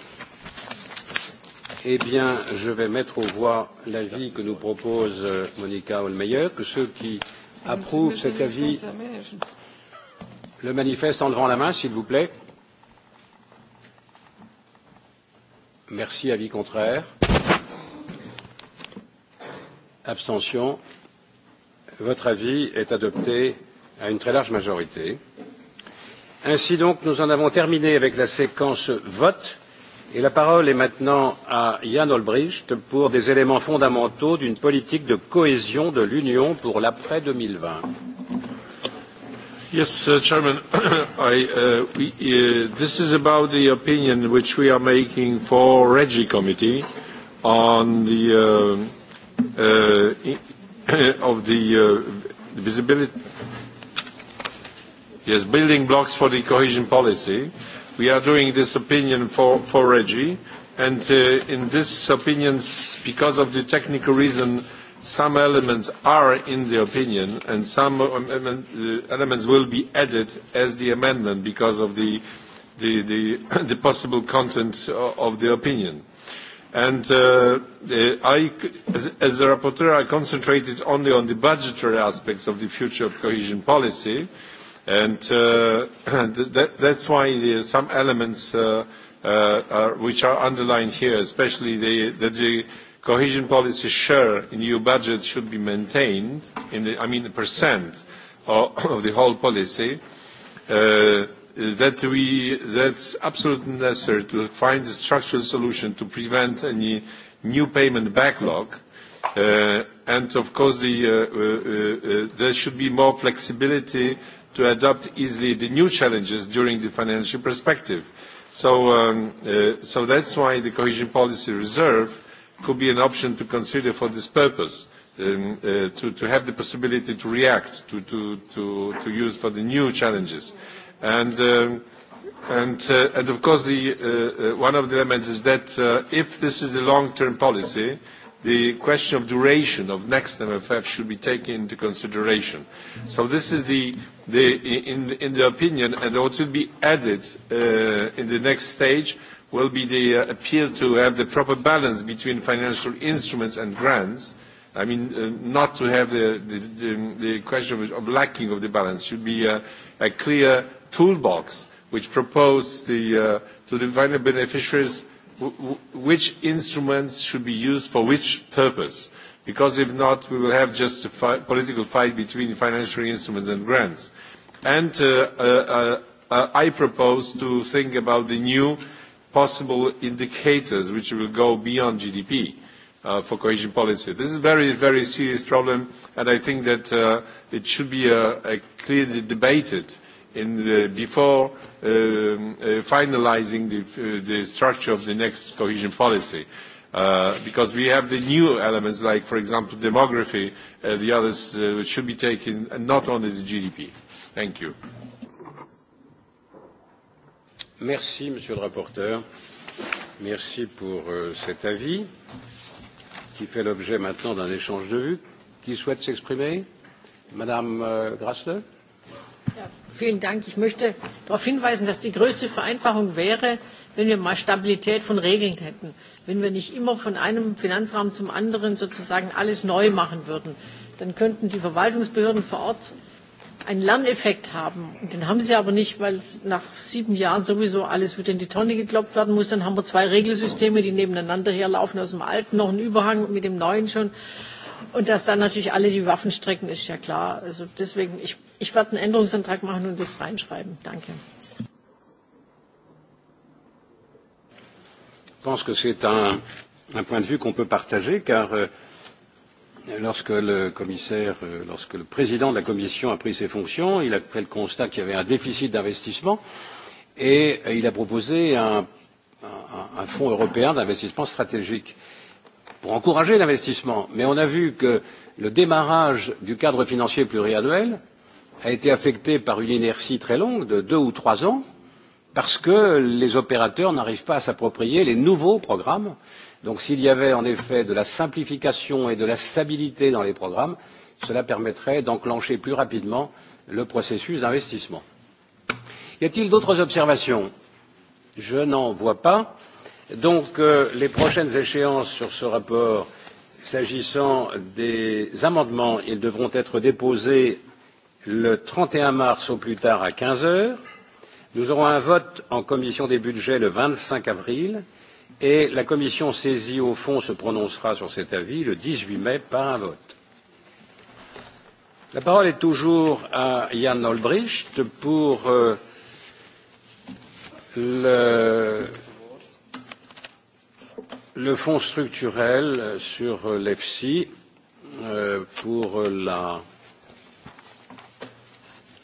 Eh bien, je vais mettre au voix l'avis que nous propose euh, Monica Holmeyer, que ceux qui approuvent cet avis le manifestent en levant la main, s'il vous plaît. Merci, avis contraire. Abstention. Votre avis est adopté à une très large majorité ainsi donc nous en avons terminé avec la séquence vote et la parole est maintenant à jan olbrycht pour des éléments fondamentaux d'une politique de cohésion de l'union pour l'après. deux mille vingt
Yes, uh, Chairman, I, uh, we, uh, this is about the opinion which we are making for Regi Committee on the uh, uh, of the uh, visibility yes, building blocks for the cohesion policy. We are doing this opinion for, for Reggie, and uh, in this opinion, because of the technical reason, some elements are in the opinion, and some um, uh, elements will be added as the amendment because of the, the, the, the possible content of the opinion. And uh, uh I, as, as the rapporteur, I concentrated only on the budgetary aspects of the future of cohesion policy, uh, And uh, that, that's why some elements uh, uh, which are underlined here, especially that the cohesion policy share in EU budget should be maintained, in the, I mean the percent of, the whole policy, uh, that we, that's absolutely necessary to find a structural solution to prevent any new payment backlog and of course there should be more flexibility to adapt easily the new challenges during the financial perspective. So, um, uh, so that's why the cohesion policy reserve could be an option to consider for this purpose, um, uh, to, to have the possibility to react, to, to, to, to use for the new challenges. And, um, and, uh, and of course, the, uh, uh, one of the elements is that uh, if this is the long-term policy, the question of duration of next MFF should be taken into consideration. So this is the, the in, in the opinion, and what will be added uh, in the next stage will be the uh, appeal to have the proper balance between financial instruments and grants. I mean, uh, not to have the, the, the, the question of, lacking of the balance should be a, uh, a clear toolbox which proposes the, uh, to the final beneficiaries which instruments should be used for which purpose because if not we will have just a fight, political fight between financial instruments and grants. And uh, uh, uh, uh, I propose to think about the new possible indicators which will go beyond GDP uh, for cohesion policy. This is a very, very serious problem and I think that uh, it should be uh, uh, clearly debated in the, before uh, uh, finalizing the, uh, the structure of the next cohesion policy. Uh, because we have the new elements like, for example, demography, uh, the others uh, which should be taken, and uh, not only the GDP. Thank you.
Merci, Monsieur le rapporteur. Merci pour euh, cet avis qui fait l'objet maintenant d'un échange de vues. Qui souhaite s'exprimer Madame euh,
vielen Dank. Ich möchte darauf hinweisen, dass die größte Vereinfachung wäre, wenn wir mal Stabilität von Regeln hätten, wenn wir nicht immer von einem Finanzrahmen zum anderen sozusagen alles neu machen würden. Dann könnten die Verwaltungsbehörden vor Ort einen Lerneffekt haben. Und den haben sie aber nicht, weil nach sieben Jahren sowieso alles wieder in die Tonne geklopft werden muss. Dann haben wir zwei Regelsysteme, die nebeneinander herlaufen, aus dem alten noch einen Überhang mit dem neuen schon. Und dass dann natürlich alle die Waffen strecken, ist ja klar. Also deswegen, ich, ich werde einen Änderungsantrag machen und das reinschreiben. Danke.
Ich denke, que ist ein, ein point de vue qu'on peut partager, car euh, lorsque le commissaire, euh, lorsque le président de la Commission a pris ses fonctions, il a fait le constat qu'il y avait un déficit d'investissement et euh, il a proposé un, un, un fonds européen d'investissement stratégique. Euh, pour encourager l'investissement mais on a vu que le démarrage du cadre financier pluriannuel a été affecté par une inertie très longue de deux ou trois ans parce que les opérateurs n'arrivent pas à s'approprier les nouveaux programmes. Donc s'il y avait en effet de la simplification et de la stabilité dans les programmes, cela permettrait d'enclencher plus rapidement le processus d'investissement. Y a-t-il d'autres observations Je n'en vois pas. Donc, euh, les prochaines échéances sur ce rapport, s'agissant des amendements, ils devront être déposés le 31 mars au plus tard à 15 heures. Nous aurons un vote en commission des budgets le 25 avril et la commission saisie au fond se prononcera sur cet avis le 18 mai par un vote. La parole est toujours à Jan Olbricht pour euh, le le fonds structurel sur l'EFSI euh, pour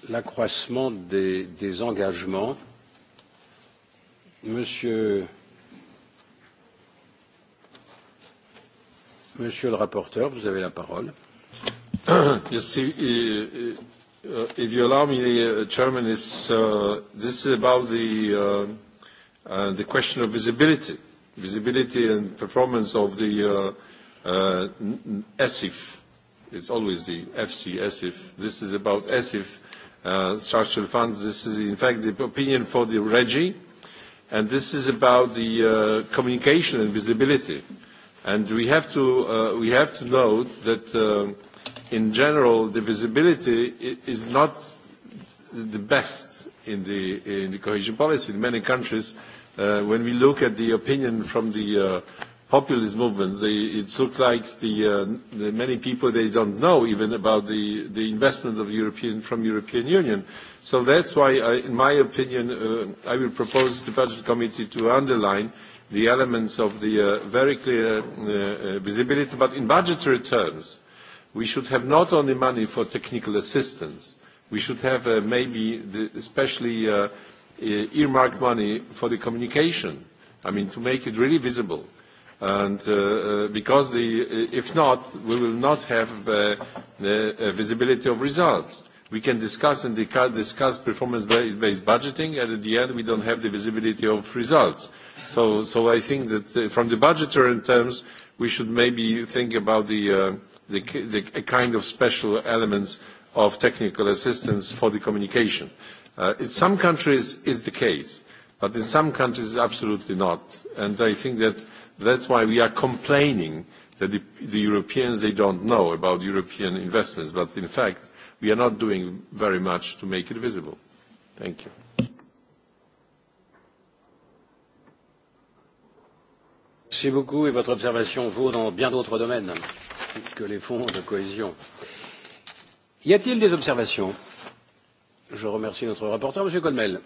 l'accroissement la, des, des engagements. Monsieur, Monsieur le rapporteur, vous avez la parole.
Merci. Uh, if you allow me, uh, Chairman, is, uh, this is about the, uh, uh, the question of visibility visibility and performance of the uh, uh, ESIF. It's always the FC ESIF. This is about ESIF uh, structural funds. This is, in fact, the opinion for the REGI, and this is about the uh, communication and visibility. And we have to, uh, we have to note that, uh, in general, the visibility is not the best in the, in the cohesion policy. In many countries, Uh, when we look at the opinion from the uh, populist movement, they, it looks like the, uh, the many people they don't know even about the, the investment of European, from European Union. So that's why, I, in my opinion, uh, I will propose the Budget Committee to underline the elements of the uh, very clear uh, uh, visibility, but in budgetary terms, we should have not only money for technical assistance, we should have uh, maybe the, especially uh, Uh, earmarked money for the communication. I mean, to make it really visible. And uh, uh because the, uh, if not, we will not have uh, the visibility of results. We can discuss and discuss performance-based budgeting, and at the end, we don't have the visibility of results. So, so I think that from the budgetary terms, we should maybe think about the, uh, the, the kind of special elements of technical assistance for the communication. Uh, in some countries is the case, but in some countries it's absolutely not. And I think that that's why we are complaining that the, the Europeans, they don't know about European investments. But in fact, we are not doing very much to make it visible. Thank you. Merci beaucoup et votre observation vaut
dans bien d'autres domaines que les fonds de cohésion. Y a-t-il des
observations Je remercie notre rapporteur, Monsieur Colmel.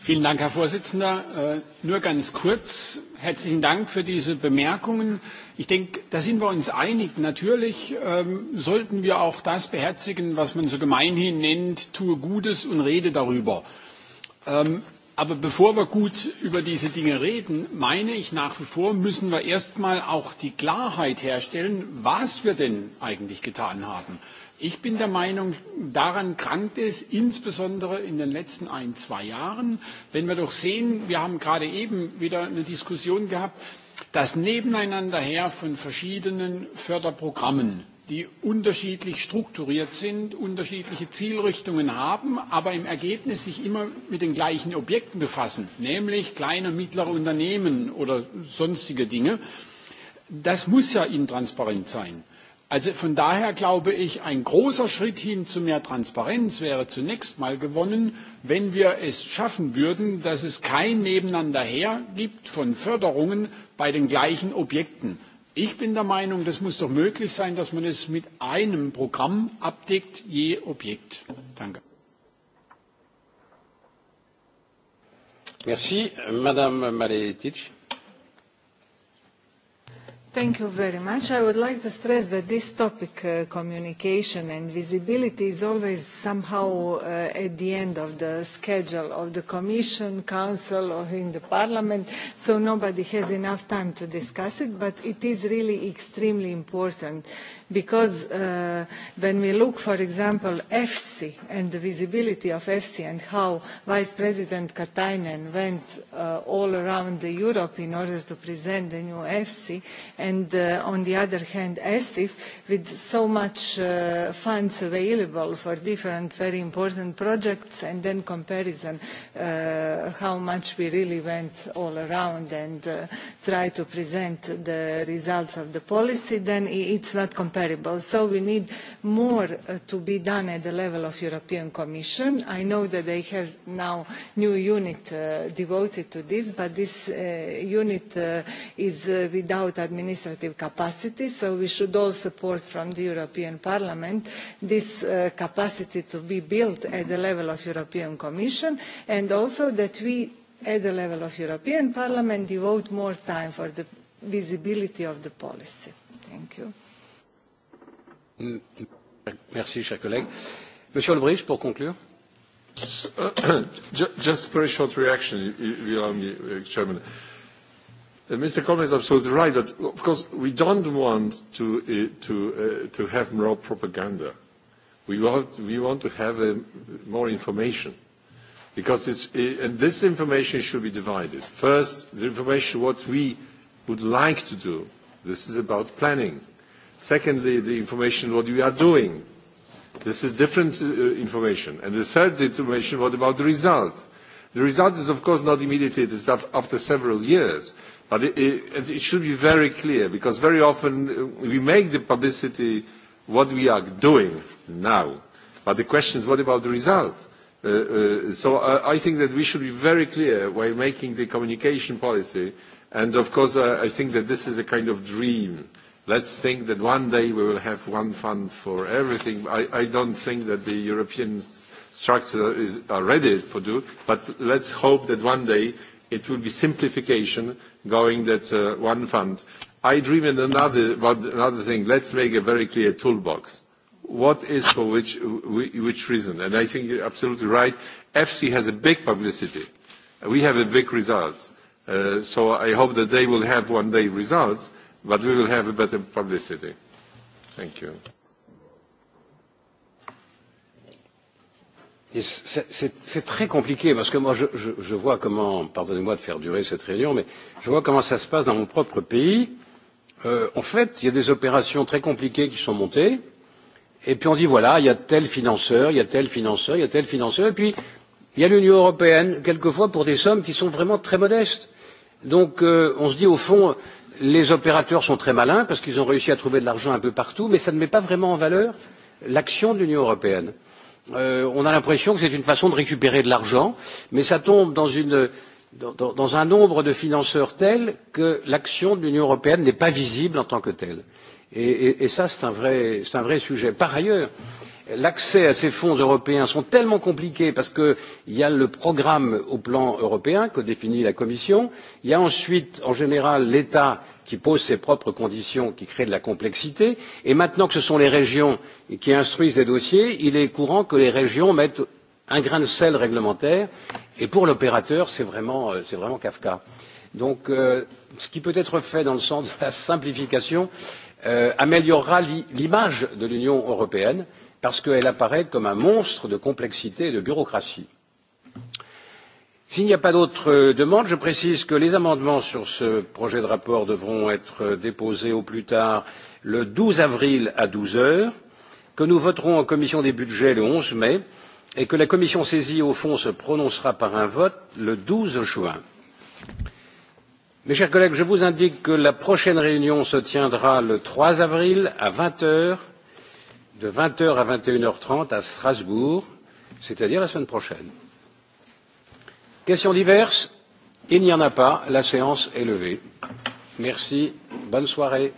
Vielen Dank, Herr Vorsitzender. Äh, nur ganz kurz. Herzlichen Dank für diese Bemerkungen. Ich denke, da sind wir uns einig. Natürlich ähm, sollten wir auch das beherzigen, was man so gemeinhin nennt, tue Gutes und rede darüber. Ähm, Aber bevor wir gut über diese Dinge reden, meine ich nach wie vor, müssen wir erstmal auch die Klarheit herstellen, was wir denn eigentlich getan haben. Ich bin der Meinung, daran krankt es insbesondere in den letzten ein, zwei Jahren. Wenn wir doch sehen, wir haben gerade eben wieder eine Diskussion gehabt, das Nebeneinanderher von verschiedenen Förderprogrammen die unterschiedlich strukturiert sind, unterschiedliche Zielrichtungen haben, aber im Ergebnis sich immer mit den gleichen Objekten befassen, nämlich kleine, mittlere Unternehmen oder sonstige Dinge. Das muss ja intransparent sein. Also von daher glaube ich, ein großer Schritt hin zu mehr Transparenz wäre zunächst mal gewonnen, wenn wir es schaffen würden, dass es kein Nebeneinanderher gibt von Förderungen bei den gleichen Objekten. Ich bin der Meinung, es muss doch möglich sein, dass man es mit einem Programm abdeckt, je Objekt. Danke.
Thank you very much. I would like to stress that this topic, uh, communication and visibility, is always somehow uh, at the end of the schedule of the Commission, Council or in the Parliament, so nobody has enough time to discuss it, but it is really extremely important because uh, when we look, for example, EFSI and the visibility of EFSI and how Vice President Katainen went uh, all around the Europe in order to present the new EFSI, and uh, on the other hand, ESIF, with so much uh, funds available for different very important projects, and then comparison uh, how much we really went all around and uh, tried to present the results of the policy, then it's not comparable comparable. So we need more uh, to be done at the level of European Commission. I know that they have now new unit uh, devoted to this, but this uh, unit is without administrative capacity, so we should all support from the European Parliament this capacity to be built at the level of European Commission, and also that we at the level of European Parliament devote more time for the visibility of the policy.
Thank you. Merci, cher
collègue. Monsieur Olbrich, pour conclure. Just very short reaction, if you allow me, uh, Chairman. Uh, Mr. Coleman is absolutely right that, of course, we don't want to, uh, to, uh, to have more propaganda. We want, we want to have uh, more information because it's, and this information should be divided. First, the information what we would like to do. This is about planning Secondly, the information what we are doing. This is different uh, information. And the third information, what about the result? The result is, of course, not immediately. It is after several years. But it, it, it should be very clear, because very often uh, we make the publicity what we are doing now. But the question is, what about the result? Uh, uh, so uh, I think that we should be very clear while making the communication policy. And, of course, uh, I think that this is a kind of dream let's think that one day we will have one fund for everything. I, I don't think that the European structure is are ready for do, but let's hope that one day it will be simplification going that uh, one fund. I dream in another, about another thing. Let's make a very clear toolbox. What is for which, which reason? And I think you're absolutely right. EFSI has a big publicity. We have a big results. Uh, so I hope that they will have one day results But we will have a better publicity. Thank you.
C'est très compliqué parce que moi je, je, je vois comment, pardonnez-moi de faire durer cette réunion, mais je vois comment ça se passe dans mon propre pays. Euh, en fait, il y a des opérations très compliquées qui sont montées, et puis on dit voilà, il y a tel financeur, il y a tel financeur, il y a tel financeur, et puis il y a l'Union européenne, quelquefois pour des sommes qui sont vraiment très modestes. Donc euh, on se dit au fond, les opérateurs sont très malins parce qu'ils ont réussi à trouver de l'argent un peu partout mais ça ne met pas vraiment en valeur l'action de l'union européenne. Euh, on a l'impression que c'est une façon de récupérer de l'argent mais ça tombe dans, une, dans, dans un nombre de financeurs tel que l'action de l'union européenne n'est pas visible en tant que telle et, et, et ça c'est un, vrai, un vrai sujet. par ailleurs euh, l'accès à ces fonds européens sont tellement compliqués parce qu'il y a le programme au plan européen que définit la commission il y a ensuite en général l'état qui pose ses propres conditions qui crée de la complexité et maintenant que ce sont les régions qui instruisent les dossiers il est courant que les régions mettent un grain de sel réglementaire et pour l'opérateur c'est vraiment, euh, c'est vraiment kafka. donc euh, ce qui peut être fait dans le sens de la simplification euh, améliorera l'image de l'union européenne parce qu'elle apparaît comme un monstre de complexité et de bureaucratie. S'il n'y a pas d'autres euh, demandes, je précise que les amendements sur ce projet de rapport devront être déposés au plus tard le 12 avril à 12 heures, que nous voterons en commission des budgets le 11 mai et que la commission saisie au fond se prononcera par un vote le 12 juin. Mes chers collègues, je vous indique que la prochaine réunion se tiendra le 3 avril à 20 heures de vingt heures à vingt et une heures trente à Strasbourg, c'est-à-dire la semaine prochaine. Questions diverses Il n'y en a pas. La séance est levée. Merci. Bonne soirée.